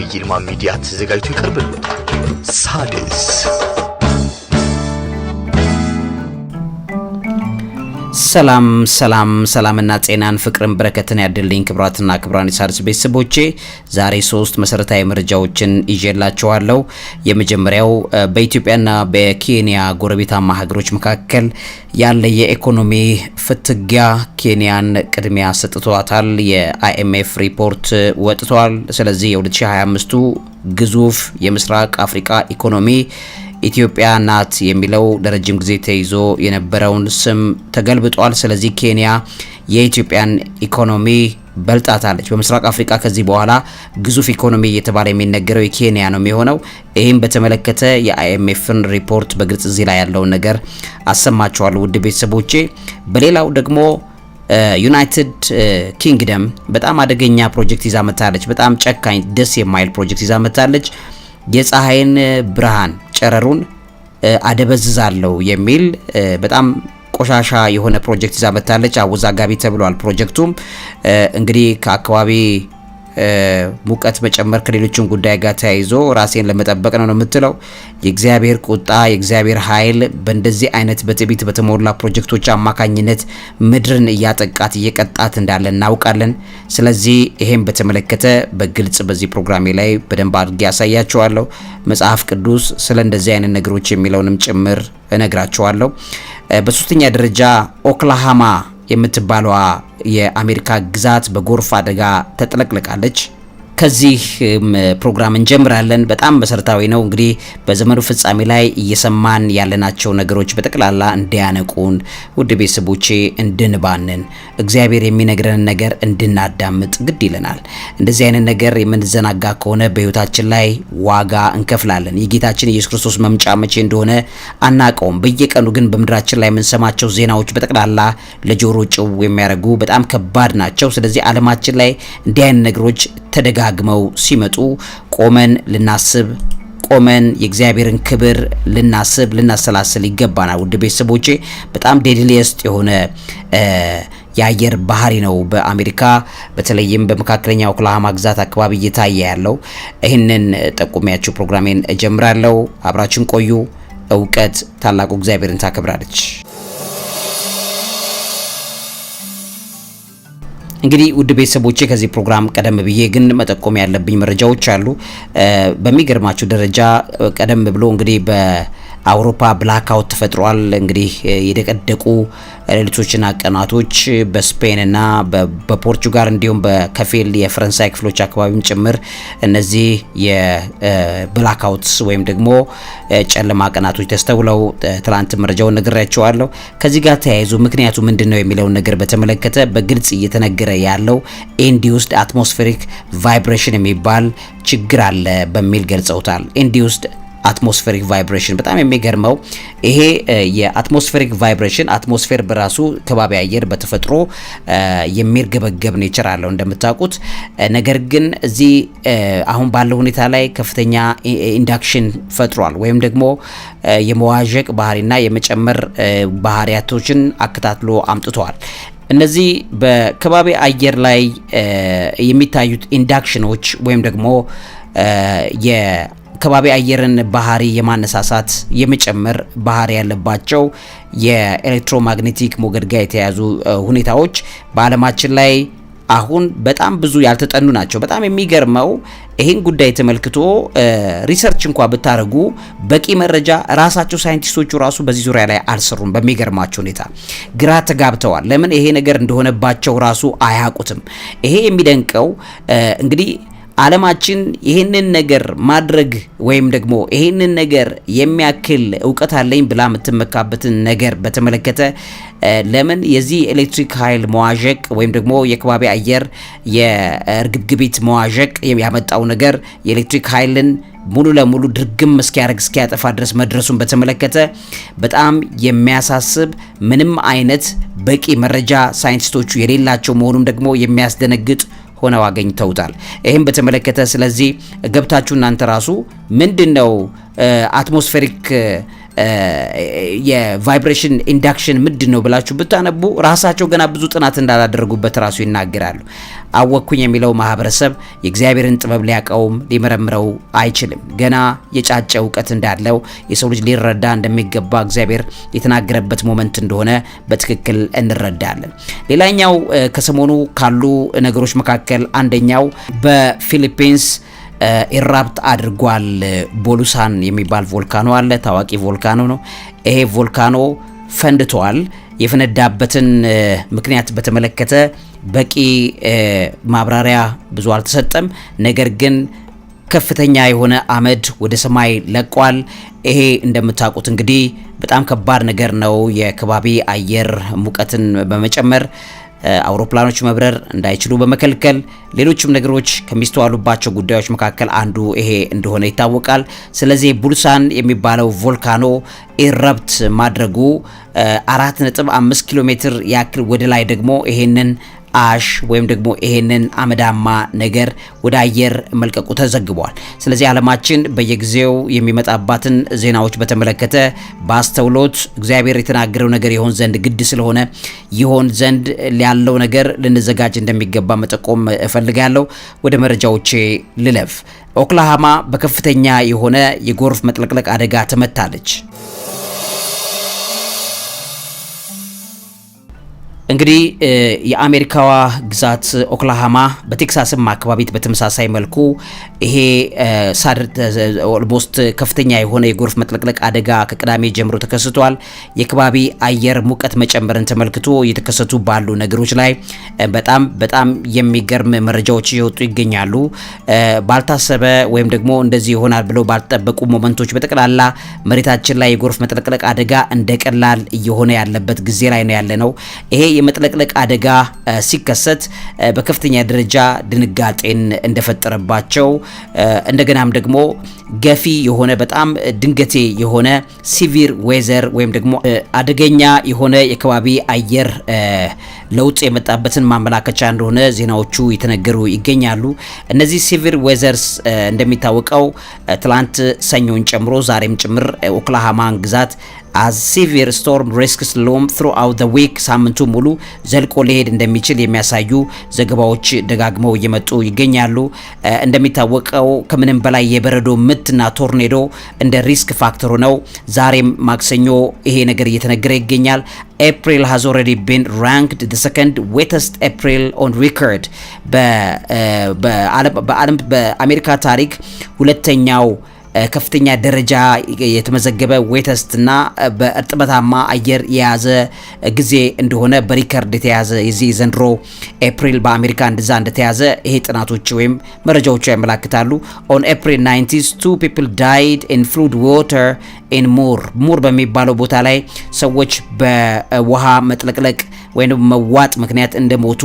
በዓብይ ይልማ ሚዲያ ተዘጋጅቶ ይቀርብልዎታል። ሳድስ ሰላም ሰላም ሰላምና ጤናን ፍቅርን በረከትን ያድልኝ ክብራትና ክብራን የሣድስ ቤተሰቦቼ ዛሬ ሶስት መሰረታዊ መረጃዎችን ይዤላችኋለሁ። የመጀመሪያው በኢትዮጵያና በኬንያ ጎረቤታማ ሀገሮች መካከል ያለ የኢኮኖሚ ፍትጊያ ኬንያን ቅድሚያ ሰጥቷታል። የአይኤምኤፍ ሪፖርት ወጥቷል። ስለዚህ የ2025ቱ ግዙፍ የምስራቅ አፍሪካ ኢኮኖሚ ኢትዮጵያ ናት የሚለው ለረጅም ጊዜ ተይዞ የነበረውን ስም ተገልብጧል። ስለዚህ ኬንያ የኢትዮጵያን ኢኮኖሚ በልጣታለች። በምስራቅ አፍሪካ ከዚህ በኋላ ግዙፍ ኢኮኖሚ እየተባለ የሚነገረው የኬንያ ነው የሚሆነው። ይህም በተመለከተ የአይኤምኤፍን ሪፖርት በግልጽ እዚህ ላይ ያለውን ነገር አሰማችኋለሁ ውድ ቤተሰቦቼ። በሌላው ደግሞ ዩናይትድ ኪንግደም በጣም አደገኛ ፕሮጀክት ይዛ መታለች። በጣም ጨካኝ ደስ የማይል ፕሮጀክት ይዛ መታለች። የፀሐይን ብርሃን ጨረሩን አደበዝዛለሁ የሚል በጣም ቆሻሻ የሆነ ፕሮጀክት ይዛ መታለች። አወዛጋቢ ተብሏል። ፕሮጀክቱም እንግዲህ ከአካባቢ ሙቀት መጨመር ከሌሎችን ጉዳይ ጋር ተያይዞ ራሴን ለመጠበቅ ነው ነው የምትለው። የእግዚአብሔር ቁጣ የእግዚአብሔር ኃይል በእንደዚህ አይነት በትዕቢት በተሞላ ፕሮጀክቶች አማካኝነት ምድርን እያጠቃት እየቀጣት እንዳለ እናውቃለን። ስለዚህ ይሄን በተመለከተ በግልጽ በዚህ ፕሮግራሜ ላይ በደንብ አድርጌ ያሳያቸዋለሁ። መጽሐፍ ቅዱስ ስለ እንደዚህ አይነት ነገሮች የሚለውንም ጭምር እነግራችኋለሁ። በሶስተኛ ደረጃ ኦክላሃማ የምትባለዋ የአሜሪካ ግዛት በጎርፍ አደጋ ተጥለቅልቃለች። ከዚህ ፕሮግራም እንጀምራለን። በጣም መሰረታዊ ነው። እንግዲህ በዘመኑ ፍጻሜ ላይ እየሰማን ያለናቸው ነገሮች በጠቅላላ እንዲያነቁን፣ ውድ ቤተሰቦቼ እንድንባንን፣ እግዚአብሔር የሚነግረንን ነገር እንድናዳምጥ ግድ ይለናል። እንደዚህ አይነት ነገር የምንዘናጋ ከሆነ በህይወታችን ላይ ዋጋ እንከፍላለን። የጌታችን ኢየሱስ ክርስቶስ መምጫ መቼ እንደሆነ አናቀውም። በየቀኑ ግን በምድራችን ላይ የምንሰማቸው ዜናዎች በጠቅላላ ለጆሮ ጭው የሚያደርጉ በጣም ከባድ ናቸው። ስለዚህ አለማችን ላይ እንዲህ አይነት ነገሮች ተደጋግመው ሲመጡ ቆመን ልናስብ ቆመን የእግዚአብሔርን ክብር ልናስብ ልናሰላስል ይገባናል። ውድ ቤተሰቦቼ በጣም ዴድሊየስት የሆነ የአየር ባህሪ ነው በአሜሪካ በተለይም በመካከለኛ ኦክላሃማ ግዛት አካባቢ እየታየ ያለው። ይህንን ጠቁሚያችሁ ፕሮግራሜን እጀምራለሁ። አብራችን ቆዩ። እውቀት ታላቁ እግዚአብሔርን ታከብራለች። እንግዲህ ውድ ቤተሰቦቼ ከዚህ ፕሮግራም ቀደም ብዬ ግን መጠቆም ያለብኝ መረጃዎች አሉ። በሚገርማችሁ ደረጃ ቀደም ብሎ እንግዲህ በ አውሮፓ ብላክአውት ተፈጥሯል። እንግዲህ የደቀደቁ ሌሊቶችና ቀናቶች በስፔንና በፖርቹጋል እንዲሁም በከፊል የፈረንሳይ ክፍሎች አካባቢም ጭምር እነዚህ የብላክአውትስ ወይም ደግሞ ጨለማ ቀናቶች ተስተውለው ትላንት መረጃውን ነግሬያቸዋለሁ። ከዚህ ጋር ተያይዞ ምክንያቱ ምንድን ነው የሚለውን ነገር በተመለከተ በግልጽ እየተነገረ ያለው ኢንዲውስድ አትሞስፌሪክ ቫይብሬሽን የሚባል ችግር አለ በሚል ገልጸውታል። ኢንዲውስድ አትሞስፌሪክ ቫይብሬሽን በጣም የሚገርመው ይሄ የአትሞስፌሪክ ቫይብሬሽን አትሞስፌር በራሱ ከባቢ አየር በተፈጥሮ የሚርገበገብ ኔቸር አለው እንደምታውቁት። ነገር ግን እዚህ አሁን ባለው ሁኔታ ላይ ከፍተኛ ኢንዳክሽን ፈጥሯል፣ ወይም ደግሞ የመዋዠቅ ባህሪና የመጨመር ባህሪያቶችን አከታትሎ አምጥተዋል። እነዚህ በከባቢ አየር ላይ የሚታዩት ኢንዳክሽኖች ወይም ደግሞ የአካባቢ አየርን ባህሪ የማነሳሳት የመጨመር ባህሪ ያለባቸው የኤሌክትሮማግኔቲክ ሞገድ ጋር የተያያዙ ሁኔታዎች በዓለማችን ላይ አሁን በጣም ብዙ ያልተጠኑ ናቸው። በጣም የሚገርመው ይህን ጉዳይ ተመልክቶ ሪሰርች እንኳ ብታደርጉ በቂ መረጃ ራሳቸው ሳይንቲስቶቹ ራሱ በዚህ ዙሪያ ላይ አልሰሩም። በሚገርማቸው ሁኔታ ግራ ተጋብተዋል። ለምን ይሄ ነገር እንደሆነባቸው ራሱ አያውቁትም። ይሄ የሚደንቀው እንግዲህ አለማችን ይህንን ነገር ማድረግ ወይም ደግሞ ይህንን ነገር የሚያክል እውቀት አለኝ ብላ የምትመካበትን ነገር በተመለከተ ለምን የዚህ ኤሌክትሪክ ኃይል መዋዠቅ ወይም ደግሞ የከባቢ አየር የእርግብግቢት መዋዠቅ ያመጣው ነገር የኤሌክትሪክ ኃይልን ሙሉ ለሙሉ ድርግም እስኪያደርግ እስኪያጠፋ ድረስ መድረሱን በተመለከተ በጣም የሚያሳስብ ምንም አይነት በቂ መረጃ ሳይንቲስቶቹ የሌላቸው መሆኑም ደግሞ የሚያስደነግጥ ሆነው አገኝተውታል። ይህም በተመለከተ ስለዚህ ገብታችሁ እናንተ ራሱ ምንድን ነው አትሞስፌሪክ የቫይብሬሽን ኢንዳክሽን ምንድን ነው ብላችሁ ብታነቡ ራሳቸው ገና ብዙ ጥናት እንዳላደረጉበት ራሱ ይናገራሉ። አወቅኩኝ የሚለው ማህበረሰብ የእግዚአብሔርን ጥበብ ሊያቀውም ሊመረምረው አይችልም። ገና የጫጨ እውቀት እንዳለው የሰው ልጅ ሊረዳ እንደሚገባ እግዚአብሔር የተናገረበት ሞመንት እንደሆነ በትክክል እንረዳለን። ሌላኛው ከሰሞኑ ካሉ ነገሮች መካከል አንደኛው በፊሊፒንስ ኢራፕት አድርጓል። ቦሉሳን የሚባል ቮልካኖ አለ፣ ታዋቂ ቮልካኖ ነው። ይሄ ቮልካኖ ፈንድቷል። የፈነዳበትን ምክንያት በተመለከተ በቂ ማብራሪያ ብዙ አልተሰጠም። ነገር ግን ከፍተኛ የሆነ አመድ ወደ ሰማይ ለቋል። ይሄ እንደምታውቁት እንግዲህ በጣም ከባድ ነገር ነው። የከባቢ አየር ሙቀትን በመጨመር አውሮፕላኖች መብረር እንዳይችሉ በመከልከል ሌሎችም ነገሮች ከሚስተዋሉባቸው ጉዳዮች መካከል አንዱ ይሄ እንደሆነ ይታወቃል። ስለዚህ ቡልሳን የሚባለው ቮልካኖ ኢረብት ማድረጉ 4.5 ኪሎ ሜትር ያክል ወደ ላይ ደግሞ ይሄንን አሽ ወይም ደግሞ ይሄንን አመዳማ ነገር ወደ አየር መልቀቁ ተዘግቧል። ስለዚህ ዓለማችን በየጊዜው የሚመጣባትን ዜናዎች በተመለከተ በአስተውሎት እግዚአብሔር የተናገረው ነገር ይሆን ዘንድ ግድ ስለሆነ ይሆን ዘንድ ያለው ነገር ልንዘጋጅ እንደሚገባ መጠቆም እፈልጋለሁ። ወደ መረጃዎቼ ልለፍ። ኦክላሃማ በከፍተኛ የሆነ የጎርፍ መጥለቅለቅ አደጋ ተመታለች። እንግዲህ የአሜሪካዋ ግዛት ኦክላሃማ በቴክሳስም አካባቢት በተመሳሳይ መልኩ ይሄ ሳድ ኦልሞስት ከፍተኛ የሆነ የጎርፍ መጥለቅለቅ አደጋ ከቅዳሜ ጀምሮ ተከስቷል። የከባቢ አየር ሙቀት መጨመርን ተመልክቶ እየተከሰቱ ባሉ ነገሮች ላይ በጣም በጣም የሚገርም መረጃዎች እየወጡ ይገኛሉ። ባልታሰበ ወይም ደግሞ እንደዚህ ይሆናል ብለው ባልጠበቁ ሞመንቶች በጠቅላላ መሬታችን ላይ የጎርፍ መጥለቅለቅ አደጋ እንደቀላል እየሆነ ያለበት ጊዜ ላይ ነው ያለ ነው ይሄ የመጥለቅለቅ አደጋ ሲከሰት በከፍተኛ ደረጃ ድንጋጤን እንደፈጠረባቸው እንደገናም ደግሞ ገፊ የሆነ በጣም ድንገቴ የሆነ ሲቪር ዌዘር ወይም ደግሞ አደገኛ የሆነ የከባቢ አየር ለውጥ የመጣበትን ማመላከቻ እንደሆነ ዜናዎቹ የተነገሩ ይገኛሉ። እነዚህ ሲቪር ዌዘርስ እንደሚታወቀው ትላንት ሰኞን ጨምሮ ዛሬም ጭምር ኦክላሃማን ግዛት አዝ ሲቪር ስቶርም ሪስክስ ሎም ትሮአውት ዘ ዊክ ሳምንቱ ሙሉ ዘልቆ ሊሄድ እንደሚችል የሚያሳዩ ዘገባዎች ደጋግመው እየመጡ ይገኛሉ። እንደሚታወቀው ከምንም በላይ የበረዶ ምትና ቶርኔዶ እንደ ሪስክ ፋክተሩ ነው። ዛሬም ማክሰኞ ይሄ ነገር እየተነገረ ይገኛል። ኤፕሪል ሃዝ ኦልሬዲ ቢን ራንክድ ዘ ሰከንድ ዌተስት ኤፕሪል ኦን ሪከርድ በአሜሪካ ታሪክ ሁለተኛው ከፍተኛ ደረጃ የተመዘገበ ዌተስት እና በእርጥበታማ አየር የያዘ ጊዜ እንደሆነ በሪከርድ የተያዘ የዚህ ዘንድሮ ኤፕሪል በአሜሪካ እንደዛ እንደተያዘ ይሄ ጥናቶች ወይም መረጃዎቹ ያመላክታሉ። ኦን ኤፕሪል 90 ቱ ፒፕል ዳይድ ኢን ፍሉድ ዋተር ኢን ሙር ሙር በሚባለው ቦታ ላይ ሰዎች በውሃ መጥለቅለቅ ወይም መዋጥ ምክንያት እንደሞቱ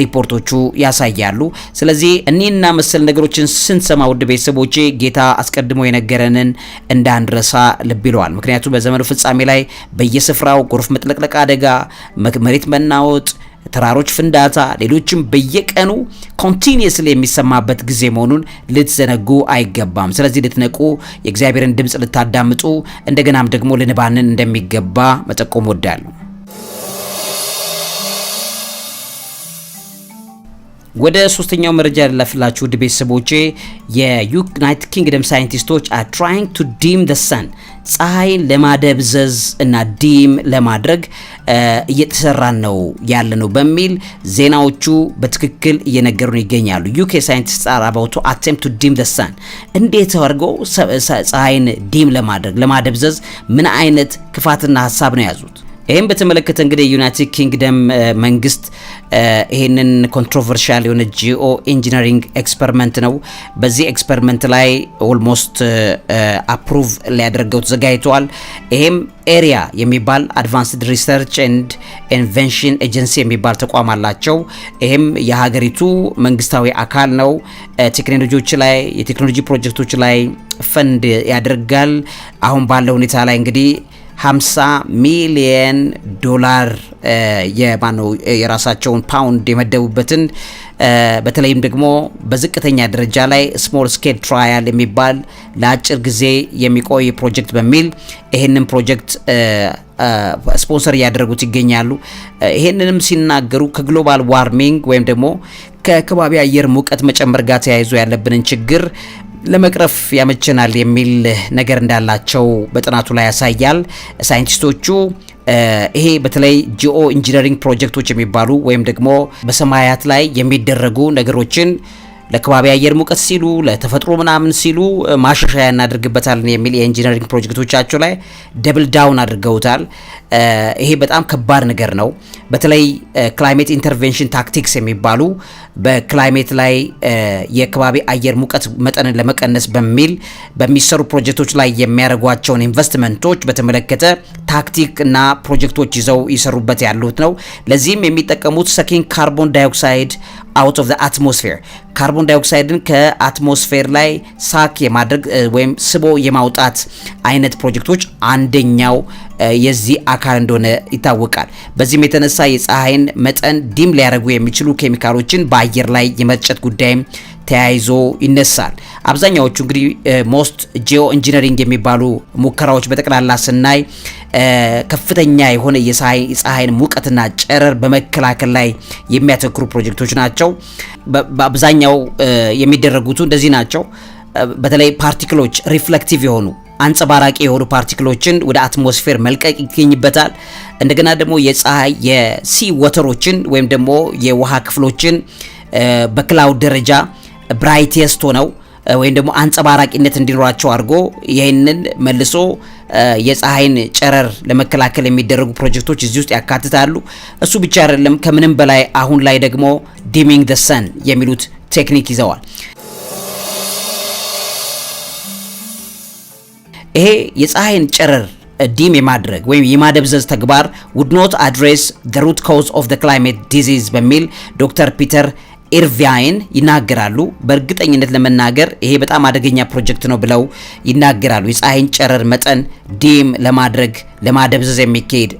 ሪፖርቶቹ ያሳያሉ። ስለዚህ እኒህና መሰል ነገሮችን ስንሰማ ውድ ቤተሰቦቼ ጌታ አስቀድሞ የነገረንን እንዳንረሳ ልብ ይለዋል። ምክንያቱም በዘመኑ ፍጻሜ ላይ በየስፍራው ጎርፍ፣ መጥለቅለቅ አደጋ፣ መሬት መናወጥ ተራሮች ፍንዳታ፣ ሌሎችም በየቀኑ ኮንቲኒየስሊ የሚሰማበት ጊዜ መሆኑን ልትዘነጉ አይገባም። ስለዚህ ልትነቁ፣ የእግዚአብሔርን ድምፅ ልታዳምጡ እንደገናም ደግሞ ልንባንን እንደሚገባ መጠቆም ወዳለሁ። ወደ ሶስተኛው መረጃ ያለፍላችሁ ውድ ቤተሰቦቼ የዩናይትድ ኪንግደም ሳይንቲስቶች አር ትራይንግ ቱ ዲም ደ ሰን ፀሐይን ለማደብዘዝ እና ዲም ለማድረግ እየተሰራን ነው ያለ ነው በሚል ዜናዎቹ በትክክል እየነገሩን ይገኛሉ። ዩኬ ሳይንቲስት አር አባውት አቴም ቱ ዲም ደ ሰን እንዴት አድርገው ፀሐይን ዲም ለማድረግ ለማደብዘዝ ምን አይነት ክፋትና ሀሳብ ነው የያዙት? ይህም በተመለከተ እንግዲህ የዩናይትድ ኪንግደም መንግስት ይህንን ኮንትሮቨርሻል የሆነ ጂኦ ኢንጂነሪንግ ኤክስፐሪመንት ነው። በዚህ ኤክስፐሪመንት ላይ ኦልሞስት አፕሩቭ ሊያደርገው ተዘጋጅተዋል። ይህም ኤሪያ የሚባል አድቫንስድ ሪሰርች ኤንድ ኢንቨንሽን ኤጀንሲ የሚባል ተቋም አላቸው። ይህም የሀገሪቱ መንግስታዊ አካል ነው። ቴክኖሎጂዎች ላይ የቴክኖሎጂ ፕሮጀክቶች ላይ ፈንድ ያደርጋል። አሁን ባለው ሁኔታ ላይ እንግዲህ 50 ሚሊየን ዶላር የማነው የራሳቸውን ፓውንድ የመደቡበትን በተለይም ደግሞ በዝቅተኛ ደረጃ ላይ ስሞል ስኬል ትራያል የሚባል ለአጭር ጊዜ የሚቆይ ፕሮጀክት በሚል ይህንን ፕሮጀክት ስፖንሰር እያደረጉት ይገኛሉ። ይህንንም ሲናገሩ ከግሎባል ዋርሚንግ ወይም ደግሞ ከከባቢ አየር ሙቀት መጨመር ጋር ተያይዞ ያለብንን ችግር ለመቅረፍ ያመችናል የሚል ነገር እንዳላቸው በጥናቱ ላይ ያሳያል። ሳይንቲስቶቹ ይሄ በተለይ ጂኦ ኢንጂነሪንግ ፕሮጀክቶች የሚባሉ ወይም ደግሞ በሰማያት ላይ የሚደረጉ ነገሮችን ለከባቢ አየር ሙቀት ሲሉ ለተፈጥሮ ምናምን ሲሉ ማሻሻያ እናደርግበታለን የሚል የኢንጂነሪንግ ፕሮጀክቶቻቸው ላይ ደብል ዳውን አድርገውታል። ይሄ በጣም ከባድ ነገር ነው። በተለይ ክላይሜት ኢንተርቬንሽን ታክቲክስ የሚባሉ በክላይሜት ላይ የከባቢ አየር ሙቀት መጠንን ለመቀነስ በሚል በሚሰሩ ፕሮጀክቶች ላይ የሚያደርጓቸውን ኢንቨስትመንቶች በተመለከተ ታክቲክ እና ፕሮጀክቶች ይዘው ይሰሩበት ያሉት ነው። ለዚህም የሚጠቀሙት ሰኪንግ ካርቦን ዳይኦክሳይድ አውት ኦፍ አትሞስፌር ካርቦን ዳይኦክሳይድን ከአትሞስፌር ላይ ሳክ የማድረግ ወይም ስቦ የማውጣት አይነት ፕሮጀክቶች አንደኛው የዚህ አካል እንደሆነ ይታወቃል። በዚህም የተነሳ የፀሐይን መጠን ዲም ሊያደርጉ የሚችሉ ኬሚካሎችን በአየር ላይ የመርጨት ጉዳይም ተያይዞ ይነሳል። አብዛኛዎቹ እንግዲህ ሞስት ጂኦ ኢንጂነሪንግ የሚባሉ ሙከራዎች በጠቅላላ ስናይ ከፍተኛ የሆነ የፀሐይን ሙቀትና ጨረር በመከላከል ላይ የሚያተክሩ ፕሮጀክቶች ናቸው። በአብዛኛው የሚደረጉት እንደዚህ ናቸው። በተለይ ፓርቲክሎች ሪፍሌክቲቭ የሆኑ አንጸባራቂ የሆኑ ፓርቲክሎችን ወደ አትሞስፌር መልቀቅ ይገኝበታል። እንደገና ደግሞ የፀሐይ የሲ ወተሮችን ወይም ደግሞ የውሃ ክፍሎችን በክላውድ ደረጃ ብራይቴስት ሆነው ወይም ደግሞ አንጸባራቂነት እንዲኖራቸው አድርጎ ይህንን መልሶ የፀሐይን ጨረር ለመከላከል የሚደረጉ ፕሮጀክቶች እዚህ ውስጥ ያካትታሉ። እሱ ብቻ አይደለም፣ ከምንም በላይ አሁን ላይ ደግሞ ዲሚንግ ሰን የሚሉት ቴክኒክ ይዘዋል። ይሄ የፀሐይን ጨረር ዲም የማድረግ ወይም የማደብዘዝ ተግባር ውድ ኖት አድሬስ ዘ ሩት ኮዝ ኦፍ ዘ ክላይሜት ዲዚዝ በሚል ዶክተር ፒተር ኤርቪያይን ይናገራሉ። በእርግጠኝነት ለመናገር ይሄ በጣም አደገኛ ፕሮጀክት ነው ብለው ይናገራሉ። የፀሐይን ጨረር መጠን ዲም ለማድረግ ለማደብዘዝ የሚካሄድ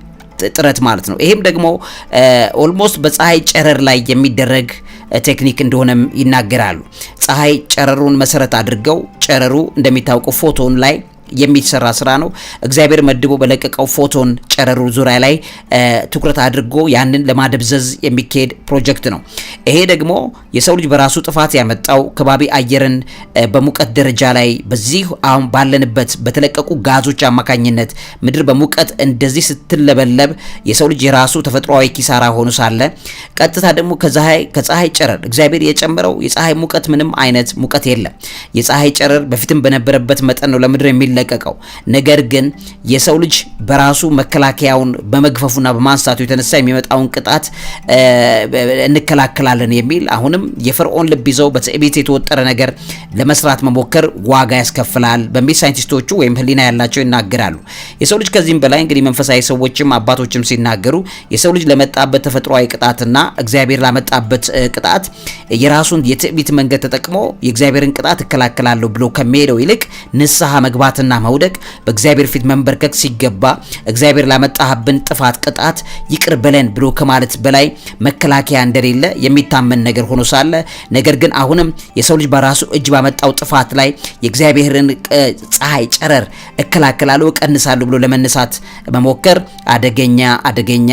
ጥረት ማለት ነው። ይሄም ደግሞ ኦልሞስት uh, በፀሐይ ጨረር ላይ የሚደረግ ቴክኒክ uh, እንደሆነም ይናገራሉ። ፀሐይ ጨረሩን መሰረት አድርገው ጨረሩ እንደሚታወቀው ፎቶን ላይ የሚሰራ ስራ ነው። እግዚአብሔር መድቦ በለቀቀው ፎቶን ጨረሩ ዙሪያ ላይ ትኩረት አድርጎ ያንን ለማደብዘዝ የሚካሄድ ፕሮጀክት ነው። ይሄ ደግሞ የሰው ልጅ በራሱ ጥፋት ያመጣው ከባቢ አየርን በሙቀት ደረጃ ላይ በዚህ አሁን ባለንበት በተለቀቁ ጋዞች አማካኝነት ምድር በሙቀት እንደዚህ ስትለበለብ የሰው ልጅ የራሱ ተፈጥሯዊ ኪሳራ ሆኖ ሳለ ቀጥታ ደግሞ ከፀሐይ ከፀሐይ ጨረር እግዚአብሔር የጨመረው የፀሐይ ሙቀት ምንም አይነት ሙቀት የለም። የፀሐይ ጨረር በፊትም በነበረበት መጠን ነው ለምድር የሚል የሚለቀቀው። ነገር ግን የሰው ልጅ በራሱ መከላከያውን በመግፈፉና በማንሳቱ የተነሳ የሚመጣውን ቅጣት እንከላከላለን የሚል አሁንም የፍርዖን ልብ ይዘው በትዕቢት የተወጠረ ነገር ለመስራት መሞከር ዋጋ ያስከፍላል በሚል ሳይንቲስቶቹ ወይም ህሊና ያላቸው ይናገራሉ። የሰው ልጅ ከዚህም በላይ እንግዲህ መንፈሳዊ ሰዎችም አባቶችም ሲናገሩ የሰው ልጅ ለመጣበት ተፈጥሯዊ ቅጣትና እግዚአብሔር ላመጣበት ቅጣት የራሱን የትዕቢት መንገድ ተጠቅሞ የእግዚአብሔርን ቅጣት እከላከላለሁ ብሎ ከሚሄደው ይልቅ ንስሐ መግባት ። መውጣትና መውደቅ በእግዚአብሔር ፊት መንበርከክ ሲገባ እግዚአብሔር ላመጣህብን ጥፋት ቅጣት ይቅር በለን ብሎ ከማለት በላይ መከላከያ እንደሌለ የሚታመን ነገር ሆኖ ሳለ ነገር ግን አሁንም የሰው ልጅ በራሱ እጅ ባመጣው ጥፋት ላይ የእግዚአብሔርን ፀሐይ ጨረር እከላከላለሁ እቀንሳለሁ ብሎ ለመነሳት መሞከር አደገኛ አደገኛ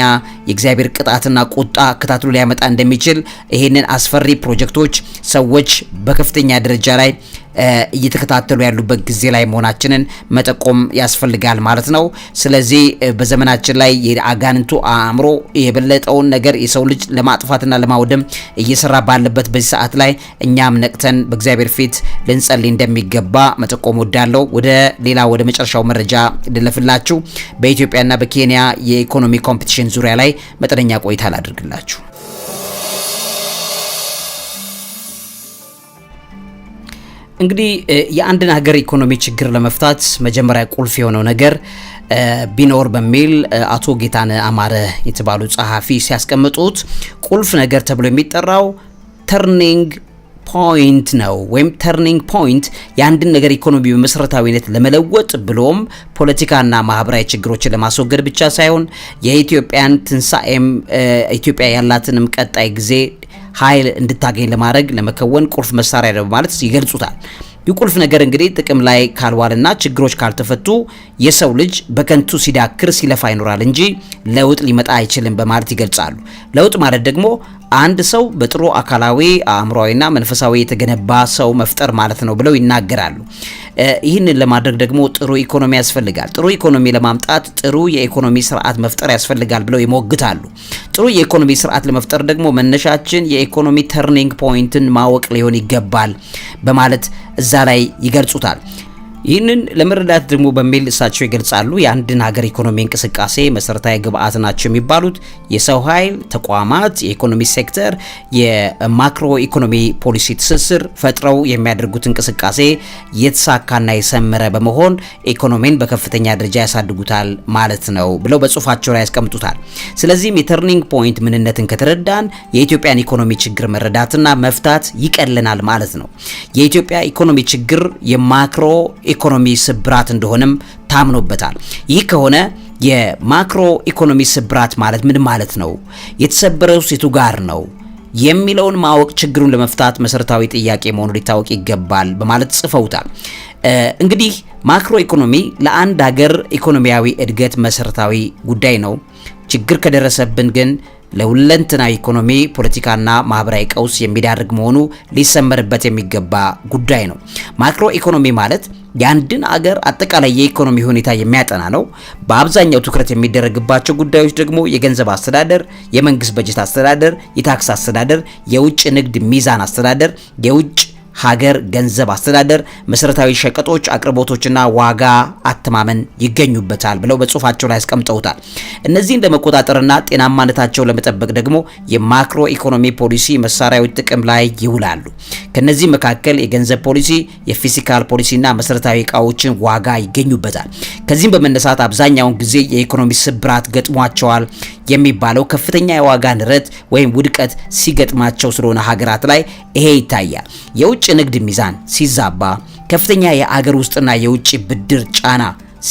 የእግዚአብሔር ቅጣትና ቁጣ ከታትሎ ሊያመጣ እንደሚችል ይህንን አስፈሪ ፕሮጀክቶች ሰዎች በከፍተኛ ደረጃ ላይ እየተከታተሉ ያሉበት ጊዜ ላይ መሆናችንን መጠቆም ያስፈልጋል ማለት ነው። ስለዚህ በዘመናችን ላይ የአጋንንቱ አእምሮ የበለጠውን ነገር የሰው ልጅ ለማጥፋትና ለማውደም እየሰራ ባለበት በዚህ ሰዓት ላይ እኛም ነቅተን በእግዚአብሔር ፊት ልንጸልይ እንደሚገባ መጠቆም ወዳለው ወደ ሌላ ወደ መጨረሻው መረጃ ልለፍላችሁ። በኢትዮጵያና በኬንያ የኢኮኖሚ ኮምፒቲሽን ዙሪያ ላይ መጠነኛ ቆይታ አላድርግላችሁ። እንግዲህ የአንድን ሀገር ኢኮኖሚ ችግር ለመፍታት መጀመሪያ ቁልፍ የሆነው ነገር ቢኖር በሚል አቶ ጌታነ አማረ የተባሉ ጸሐፊ ሲያስቀምጡት ቁልፍ ነገር ተብሎ የሚጠራው ተርኒንግ ፖይንት ነው ወይም ተርኒንግ ፖይንት የአንድን ነገር ኢኮኖሚ በመሰረታዊነት ለመለወጥ ብሎም ፖለቲካና ማህበራዊ ችግሮችን ለማስወገድ ብቻ ሳይሆን የኢትዮጵያን ትንሳኤም ኢትዮጵያ ያላትንም ቀጣይ ጊዜ ኃይል እንድታገኝ ለማድረግ ለመከወን ቁልፍ መሳሪያ ነው በማለት ይገልጹታል። ይህ ቁልፍ ነገር እንግዲህ ጥቅም ላይ ካልዋልና ችግሮች ካልተፈቱ የሰው ልጅ በከንቱ ሲዳክር ሲለፋ ይኖራል እንጂ ለውጥ ሊመጣ አይችልም በማለት ይገልጻሉ። ለውጥ ማለት ደግሞ አንድ ሰው በጥሩ አካላዊ አእምሯዊና መንፈሳዊ የተገነባ ሰው መፍጠር ማለት ነው ብለው ይናገራሉ። ይህንን ለማድረግ ደግሞ ጥሩ ኢኮኖሚ ያስፈልጋል። ጥሩ ኢኮኖሚ ለማምጣት ጥሩ የኢኮኖሚ ስርዓት መፍጠር ያስፈልጋል ብለው ይሞግታሉ። ጥሩ የኢኮኖሚ ስርዓት ለመፍጠር ደግሞ መነሻችን የኢኮኖሚ ተርኒንግ ፖይንትን ማወቅ ሊሆን ይገባል በማለት እዛ ላይ ይገልጹታል። ይህንን ለመረዳት ደግሞ በሚል እሳቸው ይገልጻሉ። የአንድን ሀገር ኢኮኖሚ እንቅስቃሴ መሰረታዊ ግብአት ናቸው የሚባሉት የሰው ኃይል፣ ተቋማት፣ የኢኮኖሚ ሴክተር፣ የማክሮ ኢኮኖሚ ፖሊሲ ትስስር ፈጥረው የሚያደርጉት እንቅስቃሴ የተሳካና የሰመረ በመሆን ኢኮኖሚን በከፍተኛ ደረጃ ያሳድጉታል ማለት ነው ብለው በጽሁፋቸው ላይ ያስቀምጡታል። ስለዚህም የተርኒንግ ፖይንት ምንነትን ከተረዳን የኢትዮጵያን ኢኮኖሚ ችግር መረዳትና መፍታት ይቀልናል ማለት ነው። የኢትዮጵያ ኢኮኖሚ ችግር የማክሮ ኢኮኖሚ ስብራት እንደሆነም ታምኖበታል። ይህ ከሆነ የማክሮ ኢኮኖሚ ስብራት ማለት ምን ማለት ነው? የተሰበረው ሴቱ ጋር ነው የሚለውን ማወቅ ችግሩን ለመፍታት መሰረታዊ ጥያቄ መሆኑ ሊታወቅ ይገባል በማለት ጽፈውታል። እንግዲህ ማክሮ ኢኮኖሚ ለአንድ ሀገር ኢኮኖሚያዊ እድገት መሰረታዊ ጉዳይ ነው። ችግር ከደረሰብን ግን ለሁለንትና ኢኮኖሚ፣ ፖለቲካና ማህበራዊ ቀውስ የሚዳርግ መሆኑ ሊሰመርበት የሚገባ ጉዳይ ነው። ማክሮ ኢኮኖሚ ማለት የአንድን አገር አጠቃላይ የኢኮኖሚ ሁኔታ የሚያጠና ነው። በአብዛኛው ትኩረት የሚደረግባቸው ጉዳዮች ደግሞ የገንዘብ አስተዳደር፣ የመንግስት በጀት አስተዳደር፣ የታክስ አስተዳደር፣ የውጭ ንግድ ሚዛን አስተዳደር፣ የውጭ ሀገር ገንዘብ አስተዳደር፣ መሰረታዊ ሸቀጦች አቅርቦቶችና ዋጋ አተማመን ይገኙበታል ብለው በጽሁፋቸው ላይ አስቀምጠውታል። እነዚህን ለመቆጣጠርና ጤናማነታቸው ለመጠበቅ ደግሞ የማክሮ ኢኮኖሚ ፖሊሲ መሳሪያዎች ጥቅም ላይ ይውላሉ። ከነዚህ መካከል የገንዘብ ፖሊሲ፣ የፊስካል ፖሊሲና መሰረታዊ እቃዎችን ዋጋ ይገኙበታል። ከዚህም በመነሳት አብዛኛውን ጊዜ የኢኮኖሚ ስብራት ገጥሟቸዋል የሚባለው ከፍተኛ የዋጋ ንረት ወይም ውድቀት ሲገጥማቸው ስለሆነ ሀገራት ላይ ይሄ ይታያል። የውጭ የውጭ ንግድ ሚዛን ሲዛባ፣ ከፍተኛ የአገር ውስጥና የውጭ ብድር ጫና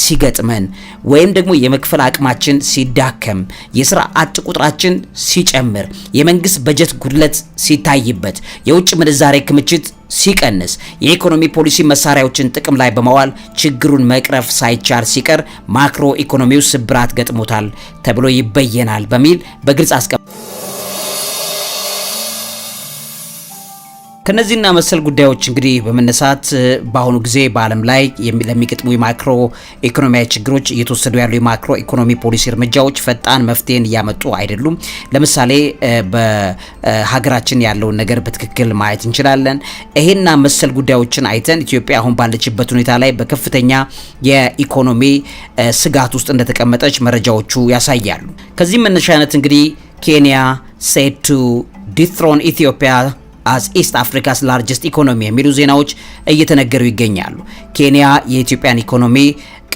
ሲገጥመን ወይም ደግሞ የመክፈል አቅማችን ሲዳከም፣ የስራ አጥ ቁጥራችን ሲጨምር፣ የመንግስት በጀት ጉድለት ሲታይበት፣ የውጭ ምንዛሬ ክምችት ሲቀንስ፣ የኢኮኖሚ ፖሊሲ መሳሪያዎችን ጥቅም ላይ በማዋል ችግሩን መቅረፍ ሳይቻል ሲቀር ማክሮ ኢኮኖሚው ስብራት ገጥሞታል ተብሎ ይበየናል በሚል በግልጽ አስቀምጧል። ከነዚህና መሰል ጉዳዮች እንግዲህ በመነሳት በአሁኑ ጊዜ በዓለም ላይ ለሚገጥሙ የማክሮ ኢኮኖሚያዊ ችግሮች እየተወሰዱ ያሉ የማክሮ ኢኮኖሚ ፖሊሲ እርምጃዎች ፈጣን መፍትሄን እያመጡ አይደሉም። ለምሳሌ በሀገራችን ያለውን ነገር በትክክል ማየት እንችላለን። ይሄና መሰል ጉዳዮችን አይተን ኢትዮጵያ አሁን ባለችበት ሁኔታ ላይ በከፍተኛ የኢኮኖሚ ስጋት ውስጥ እንደተቀመጠች መረጃዎቹ ያሳያሉ። ከዚህም መነሻነት እንግዲህ ኬንያ ሴድ ቱ ዲትሮን ኢትዮጵያ አስ ኢስት አፍሪካስ ላርጀስት ኢኮኖሚ የሚሉ ዜናዎች እየተነገሩ ይገኛሉ። ኬንያ የኢትዮጵያን ኢኮኖሚ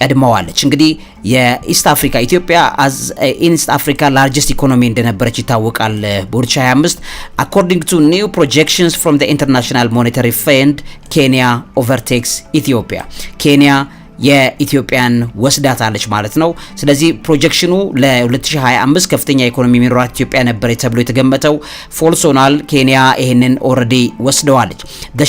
ቀድመዋለች። እንግዲህ የኢስት አፍሪካ ኢትዮጵያ አዝ ኢንስት አፍሪካ ላርጀስት ኢኮኖሚ እንደነበረች ይታወቃል። በ2025 አኮርዲንግ ቱ ኒው ፕሮጀክሽንስ ፍሮም ኢንተርናሽናል ሞኔታሪ ፈንድ ኬንያ ኦቨርቴክስ ኢትዮጵያ ኬንያ የኢትዮጵያን ወስዳታለች ማለት ነው። ስለዚህ ፕሮጀክሽኑ ለ2025 ከፍተኛ ኢኮኖሚ የሚኖራት ኢትዮጵያ ነበር ተብሎ የተገመተው ፎልሶናል። ኬንያ ይህንን ኦልሬዲ ወስደዋለች።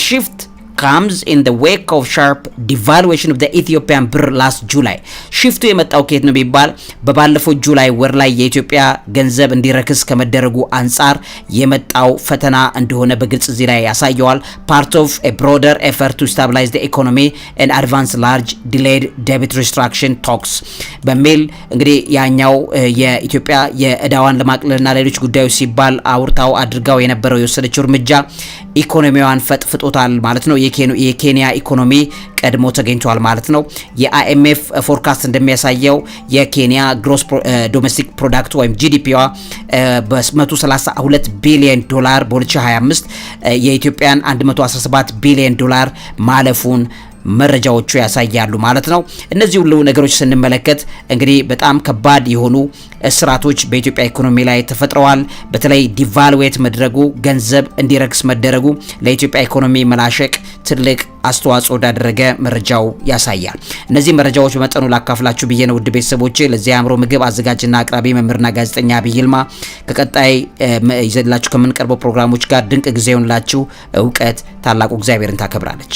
ሺፍት ካምስ ኢን ዘ ዌክ ኦፍ ሻርፕ ዲቫሉዌሽን ኦፍ ዘ ኢትዮጵያን ብር ላስት ጁላይ። ሽፍቱ የመጣው ከየት ነው ቢባል በባለፈው ጁላይ ወር ላይ የኢትዮጵያ ገንዘብ እንዲረክስ ከመደረጉ አንጻር የመጣው ፈተና እንደሆነ በግልጽ እዚህ ላይ ያሳየዋል። ፓርት ኦፍ ኤ ብሮደር ኤፈርት ቱ ስታብላይዝ ዘ ኢኮኖሚ ኤንድ አድቫንስ ላርጅ ዲሌይድ ዴቢት ሪስትራክሽን ቶክስ በሚል እንግዲህ ያኛው የኢትዮጵያ የእዳዋን ለማቅለልና ሌሎች ጉዳዮች ሲባል አውርታው አድርጋው የነበረው የወሰደችው እርምጃ ኢኮኖሚዋን ፈጥፍጦታል ማለት ነው። የኬንያ ኢኮኖሚ ቀድሞ ተገኝቷል ማለት ነው። የአይኤምኤፍ ፎርካስት እንደሚያሳየው የኬንያ ግሮስ ዶሜስቲክ ፕሮዳክት ወይም ጂዲፒዋ በ132 ቢሊዮን ዶላር በ2025 የኢትዮጵያን 117 ቢሊዮን ዶላር ማለፉን መረጃዎቹ ያሳያሉ ማለት ነው። እነዚህ ሁሉ ነገሮች ስንመለከት እንግዲህ በጣም ከባድ የሆኑ እስራቶች በኢትዮጵያ ኢኮኖሚ ላይ ተፈጥረዋል። በተለይ ዲቫልዌት መድረጉ ገንዘብ እንዲረክስ መደረጉ ለኢትዮጵያ ኢኮኖሚ መላሸቅ ትልቅ አስተዋጽኦ እንዳደረገ መረጃው ያሳያል። እነዚህ መረጃዎች በመጠኑ ላካፍላችሁ ብዬ ነው ውድ ቤተሰቦች። ለዚህ አእምሮ ምግብ አዘጋጅና አቅራቢ መምህርና ጋዜጠኛ አብይ ይልማ። ከቀጣይ ይዘላችሁ ከምንቀርበው ፕሮግራሞች ጋር ድንቅ ጊዜ ይሆንላችሁ። እውቀት ታላቁ እግዚአብሔርን ታከብራለች።